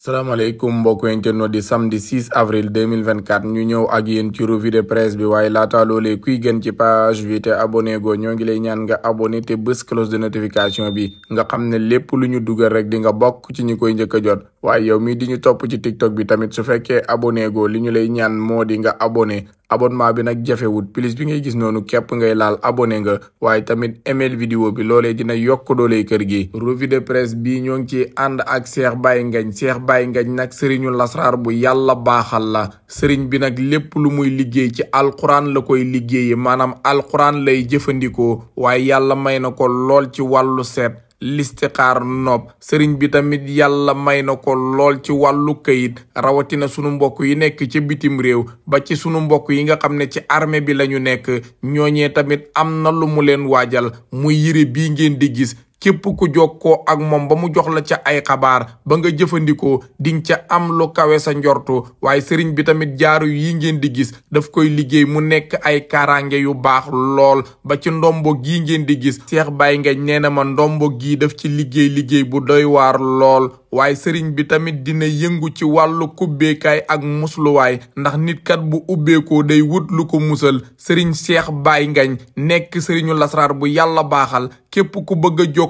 salaamaaleykum mbokk internet di samedi 6 avril 2024 ñu ñëw ak yéen ci revue bi waaye laata loolee kuy gën ci page bi te abonné ñoo ngi lay ñaan nga abonné te bés cloche de notification bi nga xam ne lépp lu ñu dugal rek di nga bokk ci ñi koy njëkk a jot waaye yow mii di ñu topp ci tiktok bi tamit su fekkee abonné go li ñu lay ñaan moo di nga abonné abonnement bi nag jafewut plus bi ngay gis noonu képp ngay laal abone nga waaye tamit email vidéo bi loolee dina yokk dooley kër gi. revue de presse bii ñoo ngi ciy ànd ak Cheikh Baye ngañ Cheikh Baye ngañ nag sëriñu lasraar bu yàlla baaxal la sëriñ bi nag lépp lu muy liggéey ci alquran la koy liggéeyee maanaam alquran lay jëfandikoo waaye yàlla may na ko lool ci wàllu seet. listixaar nopp sëriñ bi tamit yàlla may na ko lool ci wàllu kayit rawatina sunu mbokk yi nekk ci bitim réew ba ci sunu mbokk yi nga xam ne ci armée bi lañu nekk ñooñee tamit am na lu mu leen waajal muy yére bii ngeen di gis képp ku jog jokkoo ak moom ba mu jox la ca ay xabaar ba nga jëfandikoo ding ca am lu kawe sa njortu waaye sëriñ bi tamit jaaru yi ngeen di gis daf koy liggéey mu nekk ay karaange yu baax lool ba ci ndombo gii ngeen di gis Cheikh Baye Ngagne nee a ma ndombo gii daf ci liggéey liggéey bu doy waar lool waaye sëriñ bi tamit dina yëngu ci wàllu kubbeekaay ak musluwaay ndax nit kat bu ubbeekoo day wut lu ko musal sëriñ Cheikh Baye Ngagne nekk sëriñu lasraar bu yàlla baaxal képp bëgg a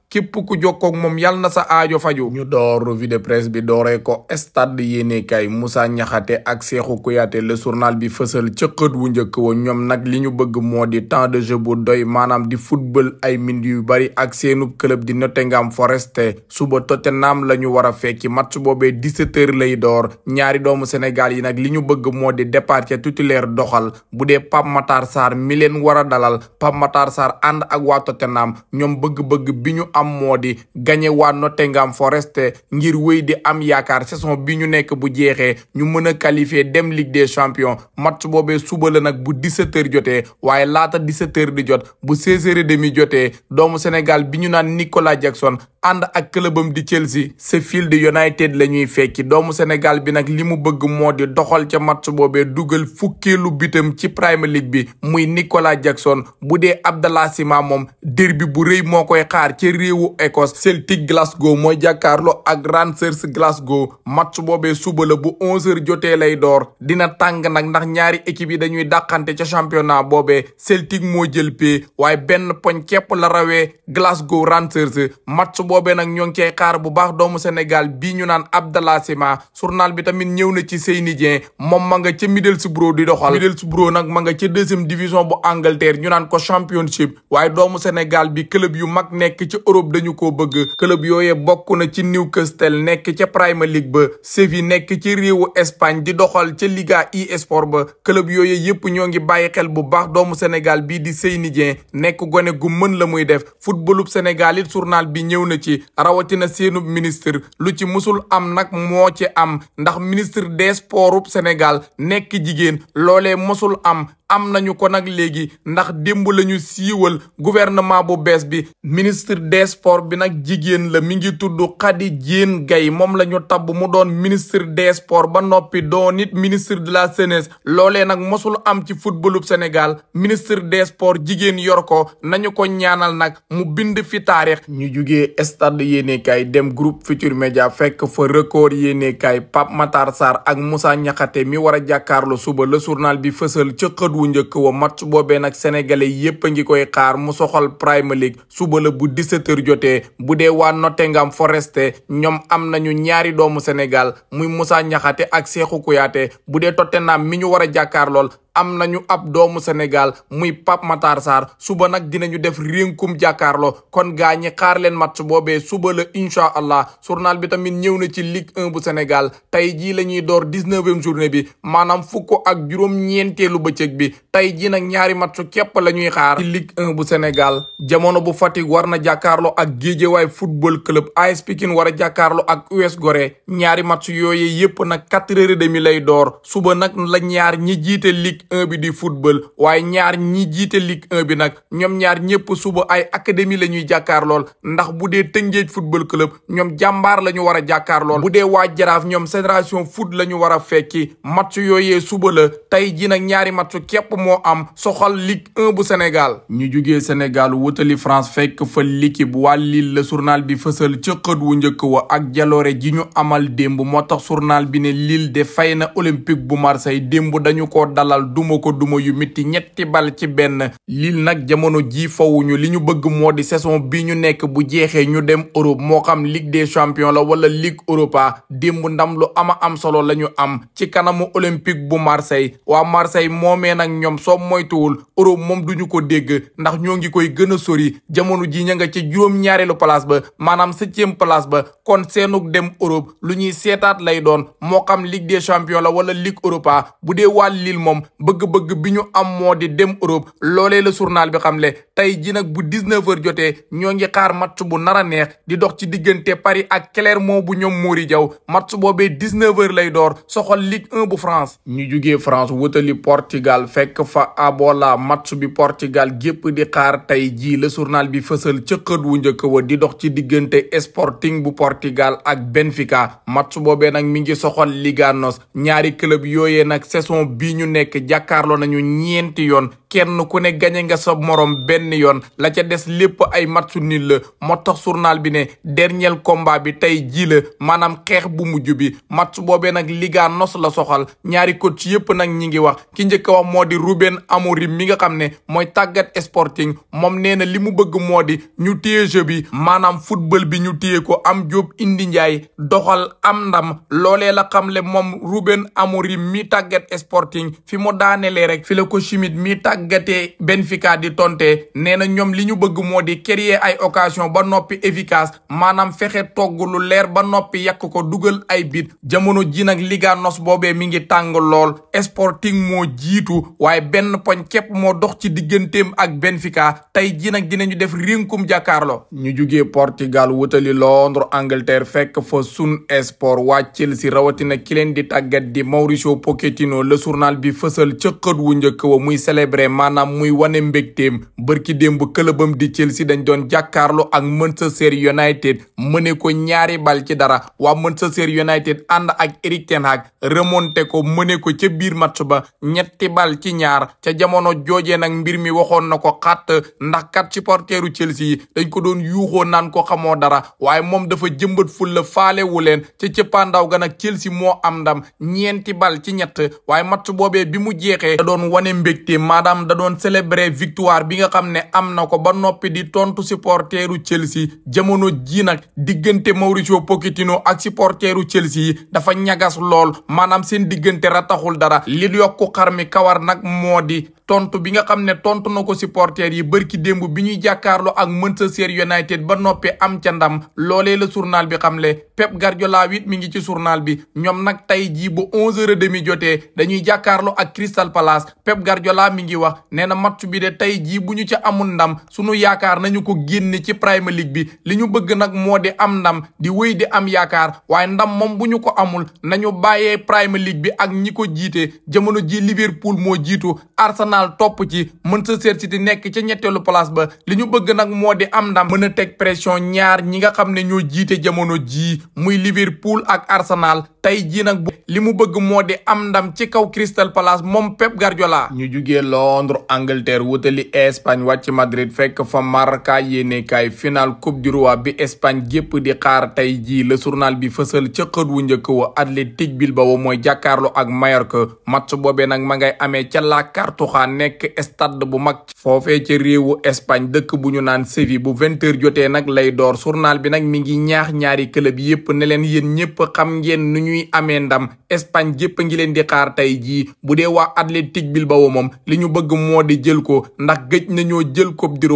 képp ku jokkoog moom yal na sa aajo faju ñu door revue de presse bi dooree ko stade yéenekaay Moussa ñaxate ak Cheikhou Kouyaté le journal bi fësal ca xët wu njëkk wa ñoom nag li ñu bëgg moo di temps de jeu bu doy maanaam di football ay minutes yu bari ak seenub club di Nottingham Forest suba Tottenham la ñu war a fekki match boobee 17h lay door ñaari doomu Sénégal yi nag li ñu bëgg moo di départ ca titulaire doxal bu dee Pape Matar Sarr mi leen war a dalal Pape Matar Sarr ànd ak waa am moo di gañe waa Nottingham Forest ngir wéy di am yaakaar saison bi ñu nekk bu jeexee ñu mën a qualifier dem Ligue des champions match boobee suba la nag bu 17h jotee waaye laata 17h di jot bu 16h30 jotee doomu Sénégal bi ñu naan Nicolas Jackson ànd ak clubam di Chelsea Sheffield United la ñuy fekki doomu Sénégal bi nag li mu bëgg moo di doxal ca match boobee dugal fukkeelu bitam ci Premier League bi muy Nicolas Jackson bu Abdallah Sima moom derbi bu rëy moo réewu Écosse Celtic Glasgow mooy jàkkaarloo ak Rangers Glasgow match boobee suba la bu 11h jotee lay door dina tàng nag ndax ñaari équipe yi dañuy dàqante ca championnat boobee Celtic moo jël pee waaye benn poñ képp la rawee Glasgow Rangers match boobee nag ñoo ngi cay xaar bu baax doomu Sénégal bii ñu naan Abdallah Sima journal bi tamit ñëw na ci Seyni Dieng moom ma nga ca Middlesbrough di doxal Middlesbrough nag ma nga ca deuxième division bu Angleterre ñu naan ko championship Diop dañu ko bëgg club yooye bokk na ci Newcastle nekk ca Premier League ba Séville nekk ci riiwu Espagne di doxal ca Liga e-sport ba club yooye yépp ñoo ngi bàyyi xel bu baax doomu Sénégal bii di Seyni Dieng nekk gone gu mën la muy def footballub Sénégal it journal bi ñëw na ci rawatina seenub ministre lu ci musul am nag moo ci am ndax ministre des sports Sénégal nekk jigéen loolee musul am am nañu ko nag léegi ndax démb la ñu siiwal gouvernement bu bees bi ministre des sports bi nag jigéen la mi tuddu tudd Khady Diène Gaye moom la ñu tabb mu doon ministre des sports ba noppi doon it ministre de la jeunesse loolee nag mosul am ci footballub Sénégal ministre des sports jigéen yor ko nañu ko ñaanal nag mu bind fi taarix ñu juge stade yéenekaay dem groupe Futurs Médias fekk fo record yéenekaay Pape Matar Sarr ak Moussa Niakhaté mi war a jàkkaarloo suba la journal bi fësal wu njëkk wa match boobee nag sénégalais yépp a ngi koy xaar mu soxal Premier League suba la bu 17h jotee bu dee waa Nottingham Forest ñoom am nañu ñaari doomu Sénégal muy Moussa Niakhaté ak Cheikhou Kouyaté bu dee Tottenham mi ñu war a jàkkaar lool am nañu ab doomu Sénégal muy pap Matar sar suba nag dinañu def rénkum jàkkaarloo kon gaa ñi xaar leen match boobee suba la incha allah journal bi tamit ñëw na ci Ligue 1 bu Sénégal tey jii la ñuy door dix-neuvième journée bi maanaam fukk ak juróom-ñeenteelu bëccëg bi tey jii nag ñaari match képp la ñuy xaar ci bu Sénégal jamono bu Fatick war na jàkkaarloo ak Guédiawaye football club AS Pikine war a jàkkaarloo ak US Gorée ñaari match yooyu yëpp nag quatre heures et demi lay door suba nag la ñi jiite Ligue 1 bi di football waaye ñaar ñi jiite ligue 1 bi nag ñoom ñaar ñëpp suba ay académie la ñuy jàkkaar lool ndax bu dee Tëngéej football club ñoom jàmbaar la ñu war a jàkkaar lool bu dee waa Jaraaf ñoom génération foot la ñu war a fekki match yooyee suba la tey ji nag ñaari match képp moo am soxal ligue 1 bu Sénégal ñu jugee Sénégal wutali France fekk fa l'équipe waa Lille la journal bi fësal ci xët wu njëkk wa ak jaloore ji ñu amal démb moo tax sournal bi ne Lille de fay na Olympique bu Marseille démb dañu ko dalal duma ko duma yu mitti ñetti bal ci benn liil nag jamono ji fawuñu li ñu bëgg moo di saison bi ñu nekk bu jeexee ñu dem Europe moo xam Ligue des champions la wala Ligue Europa démb ndam lu ama am solo la ñu am ci kanamu Olympique bu Marseille waa Marseille moomee nag ñoom soo moytuwul Europe moom duñu ko dégg ndax ñoo ngi koy gën a sori jamono ji ña nga ci juróom-ñaareelu place ba maanaam septième place ba kon seenug dem Europe lu ñuy seetaat lay doon moo xam Ligue des wala Ligue Europa bu dee waa Lille moom bëgg-bëgg bi ñu am moo di dem Europe loole la journal bi xamle tey ji nag bu 19h jotee ñoo ngi xaar match bu nar a neex di dox ci diggante Paris ak Clermont bu ñoom Mory jaw match boobee 19h lay door soxal Ligue 1 bu France. ñu jugee France wutali Portugal fekk fa Abola match bi Portugal gépp di xaar tey jii la journal bi fësal ca wu njëkk wa di dox ci diggante Sporting bu Portugal ak Benfica match boobe nag mi ngi soxal jàkkaarloo nañu ñeenti yoon kenn ku ne gañe nga sa morom benn yoon la ca des lépp ay match nul la moo tax journal bi ne dernier combat bi tey jii la maanaam xeex bu mujj bi match boobee nag Liga nos la soxal ñaari coach yëpp nag ñi ngi wax ki njëkk a wax moo di Ruben Amorim mi nga xam ne mooy tàggat Sporting moom nee na li mu bëgg moo di ñu téye jeu bi maanaam football bi ñu téye ko am Diop indi Ndiaye doxal am ndam loolee la xamle moom Ruben Amorim mi tàggat Sporting fi daanelee rek fi la ko Schmidt mi tàggatee Benfica di tonte nee na ñoom li ñu bëgg moo di créer ay occasion ba noppi efficace maanaam fexe togg lu leer ba noppi yàq ko dugal ay bit jamono ji nag Liga nos boobee mi ngi tàng lool Sporting moo jiitu waaye benn poñ képp moo dox ci digganteem ak Benfica tey ji nag dinañu def rénkum jàkkaarloo ñu jugee Portugal wutali Londres Angleterre fekk fa Sun Sport waa si rawatina ki leen di Mauricio Pochettino le journal fësal ca xët wu njëkk wa muy célébrer maanaam muy wane mbégteem bërki démb këlëbam di Chelsea dañ doon jàkkaarloo ak Manchester United mëne ko ñaari bal ci dara waa Manchester United ànd ak Erik ten Hag remonté ko mëne ko ca biir match ba ñetti bal ci ñaar ca jamono joojee nag mbir mi waxoon na ko xatt ndax kat supporteru Chelsea yi dañ ko doon yuuxoo naan ko xamoo dara waaye moom dafa jëmbat fulla faale wu leen ca cëppaandaw ga nag Chelsea moo am ndam bal ci ñett waaye jeexee da doon wane mbégte maanaam da doon célébrer victoire bi nga xam ne am na ko ba noppi di tontu supporteru Chelsea jamono ji nag diggante Mauricio Pochettino ak supporteru Chelsea yi dafa ñagas lool maanaam seen diggante rataxul dara li yokku xar mi kawar nag moo di tontu bi nga xam ne tontu na ko supporters yi bërki démb bi ñuy jàkkaarloo ak Manchester United ba noppi am ca ndam loole la journal bi le Pep Guardiola wit mi ngi ci journal bi ñoom nag tey jii bu onze heures et demie jotee dañuy jàkkaarloo ak Crystal Palace Pep Guardiola mi ngi wax nee na match bi de tey jii bu ñu ca amul ndam sunu yaakaar nañu ko génne ci Premier League bi li ñu bëgg nag moo di am ndam di wéy di am yaakaar waaye ndam moom bu ñu ko amul nañu bàyyee Premier League bi ak ñi ko jiite jamono ji Liverpool moo jiitu Arsenal topp ci Manchester City nekk ca ñetteelu place ba li ñu bëgg nag moo di am ndam mën teg pression ñaar ñi nga xam ne ñoo jiite jamono jii muy Liverpool ak Arsenal tey jii nag li mu bëgg moo di am ndam ci kaw Crystal Palace moom Pep Guardiola. ñu jugee Londres Angleterre wutali Espagne wàcc Madrid fekk fa Marca yéene kaay final coupe du roi bi Espagne gépp di xaar tey jii le journal bi fësal ca xët wu njëkk wa Athletic Bilbao mooy jàkkaarloo ak Mallorca match nekk stade bu mag foofee ca réewu Espagne dëkk bu ñu naan Séville bu vingt heures jotee nag lay door journal bi nag mi ngi ñaax ñaari club yépp ne leen yéen ñépp xam ngeen nu ñuy amee ndam Espagne jépp a ngi leen di tey jii bu dee waa Athletic Bilbao moom li ñu bëgg moo di jël ko ndax gëj nañoo jël Coupe du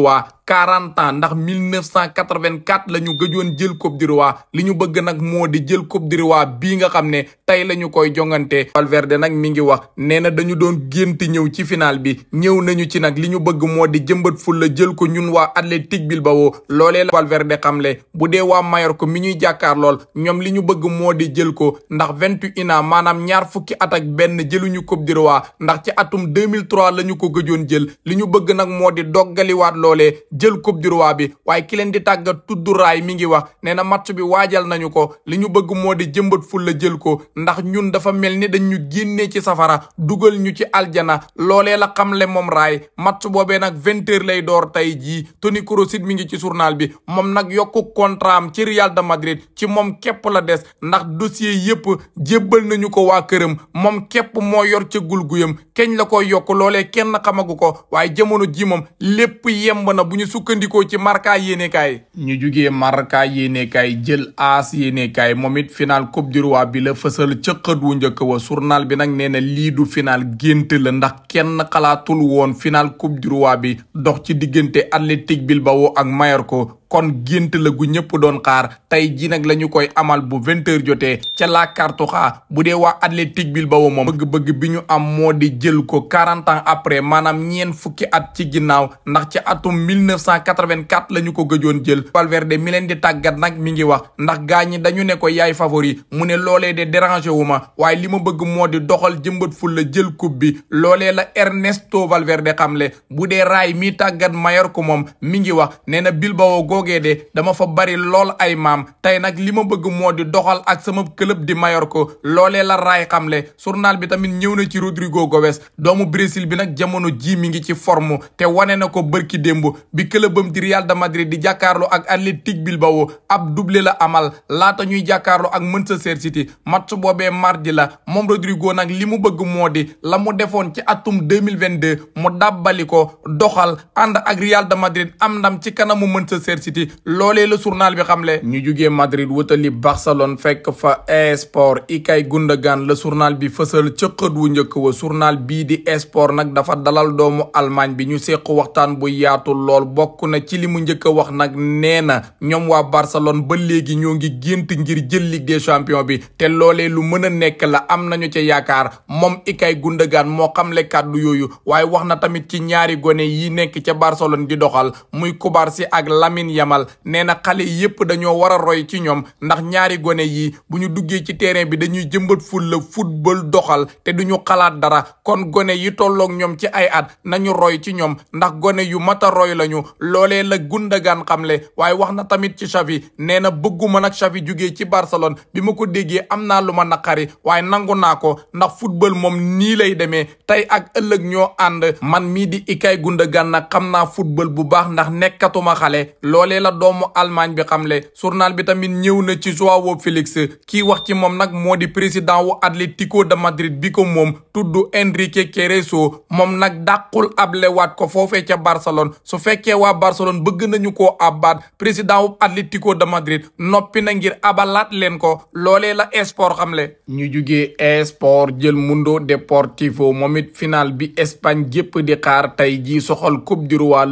quarante ans ndax mille neuf cent quatre-vingt-quatre la ñu gëjoon jël coupe du li ñu bëgg nag moo di jël coupe du bii nga xam ne tey la ñu koy jongante Valverde nag mi ngi wax nee na dañu doon gént ñëw ci final bi ñëw nañu ci nag li ñu bëgg moo di jëmbat ful la jël ko ñun waa Athletic Bilbao loolee la Valverde xamle bu dee waa Mallorca mi ñuy jàkkaar lool ñoom li ñu bëgg moo di jël ko ndax vingt et un maanaam ñaar fukki at ak benn jëluñu coupe du ndax ci atum 2003 la ñu ko gëjoon jël li ñu bëgg nag moo di doggaliwaat loolee jël coupe du roi bi waaye ki leen di tàggat tuddu raay mi ngi wax nee na match bi waajal nañu ko li ñu bëgg moo di jëmbat ful la jël ko ndax ñun dafa mel ni dañ ñu génnee ci safara dugal ñu ci aljana loole la le moom raay match boobee nag vingt heures lay door tey jii Toni Kroos mi ngi ci surnal bi moom nag yokku contrat am ci Real de Madrid ci moom képp la des ndax dossier yépp jëbbal nañu ko waa këram moom képp moo yor ca gulguyam keñ la ko yokk loolee kenn ko waaye jamono ji moom lépp yemb sukkandiku ci marka yéenekaay ñu jugee Marca yéenekaay jël AS yéenekaay moom it final coupe du roi bi la fësal ca xët wu njëkk wa journal bi nag nee na lii du final gént la ndax kenn xalaatul woon final coupe du roi bi dox ci diggante Athletic Bilbao ak Mallorca kon gént la gu ñëpp doon xaar tey ji nag la ñu koy amal bu vingt heures jotee ca la Cartuja bu dee waa Athletic Bilbao moom bëgg-bëgg bi ñu am moo di jël ko quarante ans après maanaam ñeen fukki at ci ginnaaw ndax ci atum 1984 la ñu ko gëjoon jël Valverde mi leen di tàggat nag mi ngi wax ndax gaa ñi dañu ne ko yaay favori mu ne loolee de dérangé wu ma waaye li ma bëgg moo di doxal jëmbat fu la jël coupe bi loolee la Ernesto Valverde xamle bu dee raay mi tàggat Mallorca moom mi ngi wax toogee de dama fa bari lool ay maam tey nag li ma bëgg moo di doxal ak sama club di ko loole la raay le journal bi tamit ñëw na ci Rodrigo Goes doomu Brésil bi nag jamono ji mi ngi ci forme te wane na ko bërki démb bi clubam di Real da Madrid di jàkkaarloo ak Athletic Bilbao ab doublé la amal laata ñuy jàkkaarloo ak Manchester City match boobee mardi la moom Rodrigo nag li mu bëgg moo di la mu defoon ci atum 2022 mu dàbbali ko doxal ànd ak Real de Madrid am ndam ci City loolee la journal bi xamle ñu jugee Madrid wutali Barcelone fekk fa kay Ikay Gundogan la journal bi fësal ca xët wu njëkk wa journal bii di esport nag dafa dalal doomu Allemagne bi ñu seq waxtaan bu yaatu lool bokk na ci li mu njëkk a wax nag nee na ñoom waa Barcelone ba léegi ñoo ngi gént ngir jël liggéey champion bi te loolee lu mën a nekk la am nañu ca yaakaar moom Ikay Gundogan moo xamle kàddu yooyu waaye wax na tamit ci ñaari gone yi nekk ca Barcelone di doxal yamal nee na xale yépp dañoo war a roy ci ñoom ndax ñaari gone yi bu ñu duggee ci terrain bi dañuy jëmbat ful la football doxal te du ñu xalaat dara kon gone yi tolloog ñoom ci ay at nañu roy ci ñoom ndax gone yu mata roy lañu loolee la xam le waaye wax na tamit ci Xavi nee na bëgguma nag Xavi jugee ci Barcelone bi ma ko déggee am naa lu ma naqari waaye nangu naa ko ndax football moom nii lay demee tey ak ëllëg ñoo ànd man mii di Ilkay Gundogan nag xam naa football bu baax ndax loolee doomu Allemagne bi xamle journal bi tamit ñëw na ci Joao Félix kii wax ci moom nag moo di président wu Atlético de Madrid bi ko moom tudd Enrique Cerezo moom nag dàqul ablewaat ko foofee ca Barcelone su fekkee waa Barcelone bëgg nañu koo abbaat président wu Atlético de Madrid noppi na ngir abalaat leen ko loolee la esport xamle. ñu jugee esport jël Mundo Deportivo moom it final bi Espagne jépp di xaar tey jii soxal coupe du roi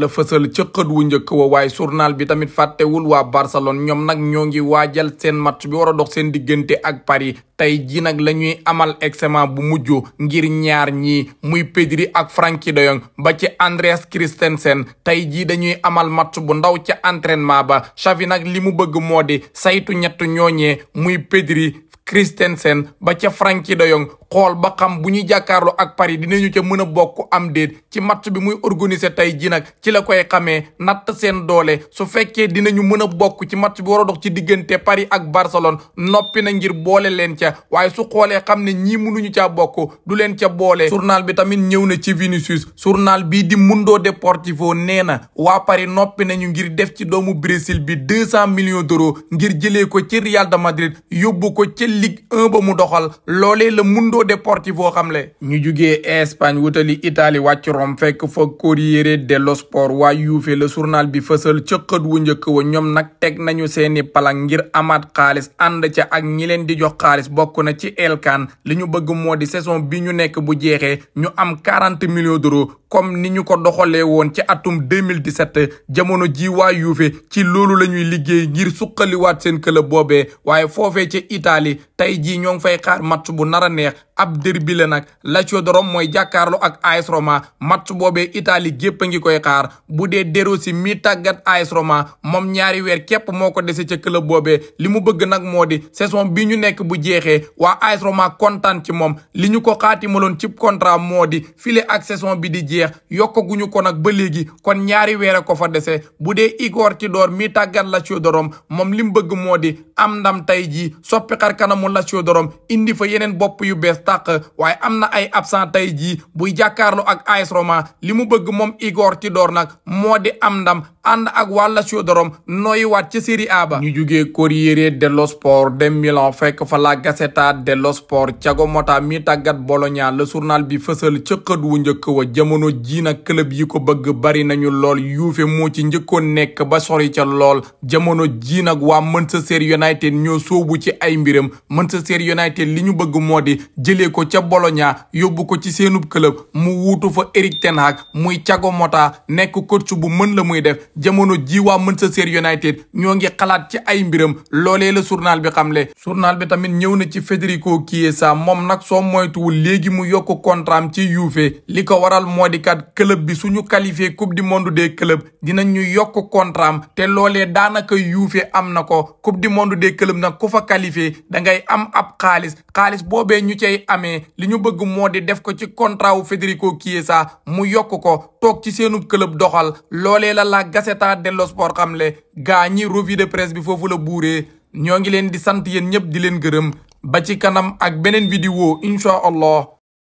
la njëkk tamit fàttewul waa Barcelone ñoom nag ñoo ngi waajal seen match bi war a dox seen diggante ak Paris tey ji nag la ñuy amal examen bu mujj ngir ñaar ñii muy Pedri ak Frenkie de Jong ba ci Andreas Christensen tey jii dañuy amal match bu ndaw ca entraînement ba Xavi nag li mu bëgg moo di saytu ñett ñooñee muy Pedri Christensen ba ca Frenkie de xool ba xam bu ñuy jàkkaarloo ak Paris dinañu ca mën a bokk am déet ci match bi muy organiser tey ji nag ci la koy xamee natt seen doole su fekkee dinañu mën a bokk ci match bi war dox ci diggante Paris ak Barcelone noppi na ngir boole leen ca waaye su xoolee xam ne ñii mënuñu caa bokk du leen ca boole journal bi tamit ñëw na ci Vinicius journal bii di Mundo Deportivo nee na waa Paris noppi nañu ngir def ci doomu Brésil bi deux cent millions d'euros ngir jëlee ko ci Real de Madrid yóbbu ko ca Ligue mu doxal xam xamle ñu jugee Espagne wutali Italie wàcc Rome fekk fa Corriere dello Sport waa Juve le surnal bi fësal ca wu njëkk wa ñoom nag teg nañu seeni palang ngir amaat kaalis ànd ca ak ñi leen di jox xaalis bokk na ci Elkan li ñu bëgg moo di saison bi ñu nekk bu jeexee ñu am quarante millions d'euros comme ni ñu ko doxalee woon ci atum 2017 jamono ji waa Juve ci loolu la ñuy liggéey ngir suqaliwaat seen club boobee waaye foofee ci itali tey jii ñoo ngi fay xaar match bu nar a neex ab derbi la nag Lazio de Rome mooy jàkkaarloo ak AS Roma match boobee Italie gépp a ngi koy xaar bu dee De Rossi mi tàggat AS Roma moom ñaari weer képp moo ko dese ca club boobee li mu bëgg nag moo di saison bi ñu nekk bu jeexee waa AS Roma kontaan ci moom li ñu ko xaatimaloon cib contrat moo di file ak saison bi di jeex yokkaguñu ko nag ba léegi kon ñaari weer a ko fa dese bu dee Igor Tudor mi tàggat Lazio de Rome moom li mu bëgg moo di am ndam tey jii soppi xar kanamu Lazio de Rome indi fa yeneen bopp yu bees tàq waaye am na ay absent tey jii buy jàkkaarloo ak AS Roma li mu bëgg moom Igor Tudor nag moo di am ndam ànd ak waa Lazio dorom Rome nooyi waat ca Serie A ba ñu jugee Corriere dello Sport dem Milan fekk fa la Gazzetta dello Sport Thiago Motta mi tàggat Bologna la journal bi fësal ca xët wu njëkk wa jamono ji na club yi ko bëgg bari nañu lool yuufe moo ci njëkkoon nekk ba sori ca lool jamono ji nag waa Manchester United ñoo soobu ci ay mbiram Manchester United li ñu bëgg moo di jëlee ko ca Bologna yóbbu ko ci seenub club mu wuutu fa Erik ten Hag muy cago Motta nekk coach bu mën la muy def jamono ji waa Manchester United ñoo ngi xalaat ci ay mbiram loolee la journal bi xamle journal bi tamit ñëw na ci Federico Chiesa moom nag soo moytuwul léegi mu yokk contraam ci Juve li ko waral moo di kat club bi suñu qualifié coupe du de des clubs dinañ ñu yokk contraam te loolee daanaka Juve am na ko coupe du de des clubs nag ku fa qualifié da ngay am ab xaalis xaalis boobee ñu cay amee li ñu bëgg moo di def ko ci contra wu Federico Chiesa mu yokk ko toog ci seenub club doxal loole la la Gazzetta dello Sport xamle gaa ñi revue de presse bi foofu la buuree ñoo ngi leen di sant yéen ñëpp di leen gërëm ba ci kanam ak beneen vidéo incha allah